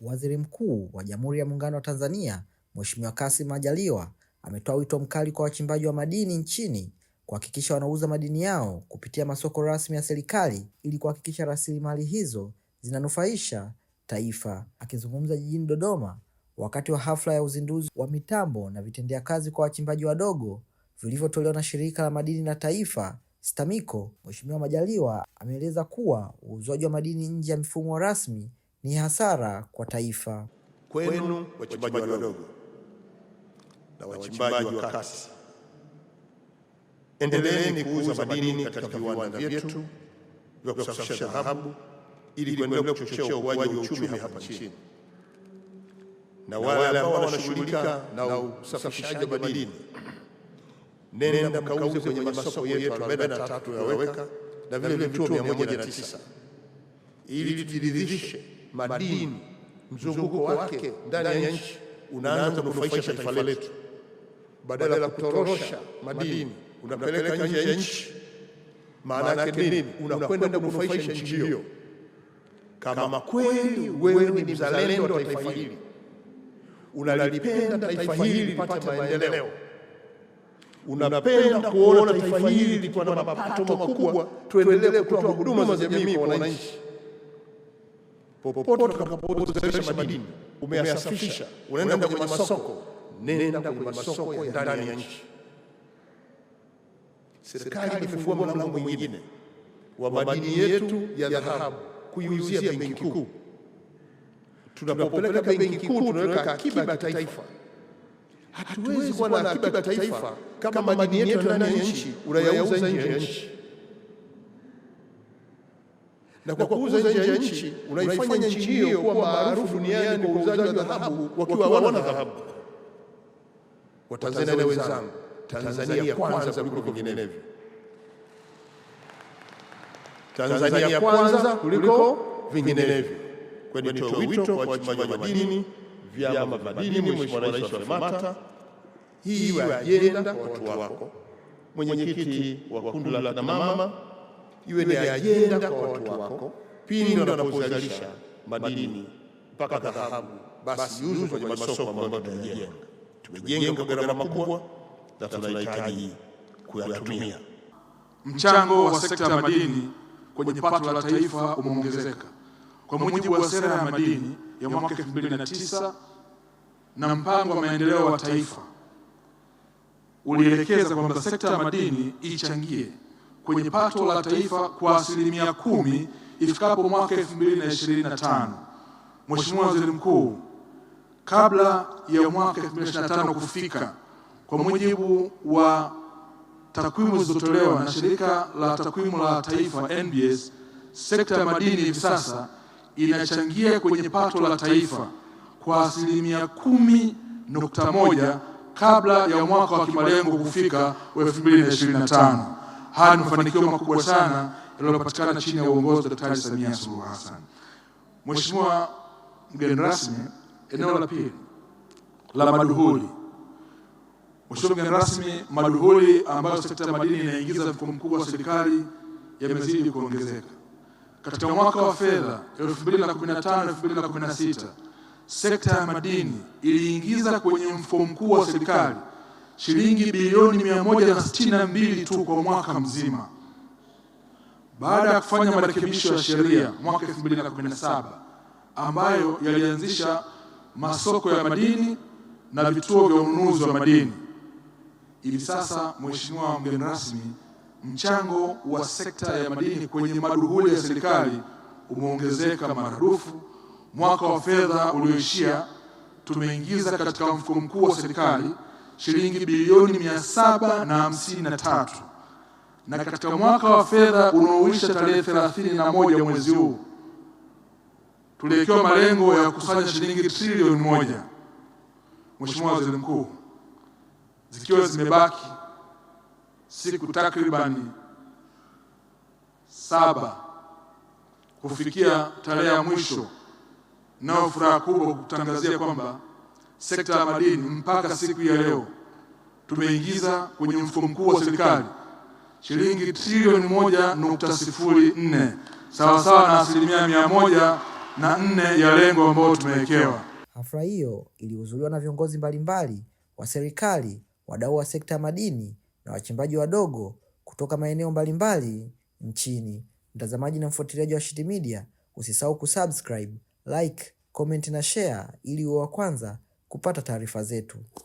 Waziri Mkuu wa Jamhuri ya Muungano wa Tanzania, Mheshimiwa Kassim Majaliwa ametoa wito mkali kwa wachimbaji wa madini nchini kuhakikisha wanauza madini yao kupitia masoko rasmi ya serikali ili kuhakikisha rasilimali hizo zinanufaisha taifa. Akizungumza jijini Dodoma wakati wa hafla ya uzinduzi wa mitambo na vitendea kazi kwa wachimbaji wadogo vilivyotolewa na Shirika la Madini na Taifa STAMICO, Mheshimiwa Majaliwa ameeleza kuwa uuzwaji wa madini nje ya mfumo rasmi ni hasara kwa taifa. Kwenu wachimbaji wadogo na wachimbaji wa kati, endeleeni kuuza madini katika viwanda vyetu vya kusafisha dhahabu ili kuendelea kuchochea ukuaji wa uchumi hapa nchini, na wale ambao wanashughulika na usafishaji wa madini, nenda mkauze kwenye masoko yetu 43 yaweka na vile vituo tisa ili tujiridhishe madini, mzunguko wake ndani ya nchi unaanza kunufaisha taifa letu, badala ya kutorosha madini unapeleka nje ya nchi. Maana yake nini? Unakwenda kunufaisha nchi hiyo. Kama kweli wewe ni mzalendo wa taifa hili, unalipenda taifa hili lipate maendeleo, unapenda kuona taifa hili likiwa na mapato makubwa, tuendelee kutoa huduma za jamii kwa wananchi popote utakapoozesha madini umeyasafisha, unaenda kwenye masoko, nenda kwenye masoko ya ndani ya nchi. Serikali imefungua mlango mwingine wa madini yetu ya dhahabu kuiuzia benki kuu. Tunapopeleka benki kuu, tunaweka akiba ya taifa. Hatuwezi kuwa na akiba ya taifa kama madini yetu ndani ya nchi unayauza nje ya nchi na kwa kuuza nje ya nchi unaifanya nchi hiyo kuwa maarufu duniani kwa uuzaji wa dhahabu, wakiwa wana dhahabu. Watanzania na wenzangu, Tanzania kwanza kuliko vinginevyo, Tanzania kwanza kuliko vinginevyo. Kwani nitoe wito kwa wachimbaji wa madini, vyama vya madini, Mheshimiwa Rais wa FEMATA, hii iwe ajenda kwa watu wako, mwenyekiti wa kundi la kina mama iwe ni ajenda kwa watu wako pindi wanapozalisha madini mpaka dhahabu, basi yuzu kwenye masoko ambayo tunajenga. Tumejenga kwa gharama kubwa na tunahitaji kuyatumia. Mchango wa sekta ya madini kwenye pato la taifa umeongezeka. Kwa mujibu wa sera ya madini ya mwaka 2009 na mpango wa maendeleo wa taifa ulielekeza kwamba sekta ya madini ichangie kwenye pato la taifa kwa asilimia kumi ifikapo mwaka 2025. Mheshimiwa Waziri Mkuu, kabla ya mwaka 2025 kufika, kwa mujibu wa takwimu zilizotolewa na shirika la takwimu la taifa NBS, sekta ya madini hivi sasa inachangia kwenye pato la taifa kwa asilimia kumi nukta moja kabla ya mwaka wa kimalengo kufika wa 2025. Haya ni mafanikio makubwa sana yaliyopatikana chini ya uongozi wa Daktari Samia Suluhu Hassan. Mheshimiwa mgeni rasmi, eneo la pili la maduhuli. Mheshimiwa mgeni rasmi, maduhuli ambayo sekta ya madini inaingiza mfuko mkubwa wa serikali yamezidi kuongezeka. Katika mwaka wa fedha 2015 2016 sekta ya madini iliingiza kwenye mfuko mkuu wa serikali shilingi bilioni 162 tu kwa mwaka mzima. Baada ya kufanya marekebisho ya sheria mwaka 2017 ambayo yalianzisha masoko ya madini na vituo vya ununuzi wa madini, hivi sasa, Mheshimiwa mgeni rasmi, mchango wa sekta ya madini kwenye maduhuli ya serikali umeongezeka maradufu. Mwaka wa fedha ulioishia tumeingiza katika mfuko mkuu wa serikali shilingi bilioni mia saba na hamsini na tatu na katika mwaka wa fedha unaoisha tarehe thelathini na moja mwezi huu tuliwekewa malengo ya kukusanya shilingi trilioni moja. Mheshimiwa Waziri Mkuu, zikiwa zimebaki siku takribani saba kufikia tarehe ya mwisho, nao furaha kubwa kutangazia kwamba sekta ya madini mpaka siku ya leo tumeingiza kwenye mfuko mkuu wa serikali shilingi trilioni moja nukta sifuri nne sawasawa na asilimia mia moja na nne ya lengo ambayo tumewekewa. Hafla hiyo ilihudhuriwa na viongozi mbalimbali wa serikali, wadau wa sekta ya madini na wachimbaji wadogo kutoka maeneo mbalimbali nchini. Mtazamaji na mfuatiliaji wa Washindi Media, usisahau kusubscribe, like, comment na share ili uwe wa kwanza kupata taarifa zetu.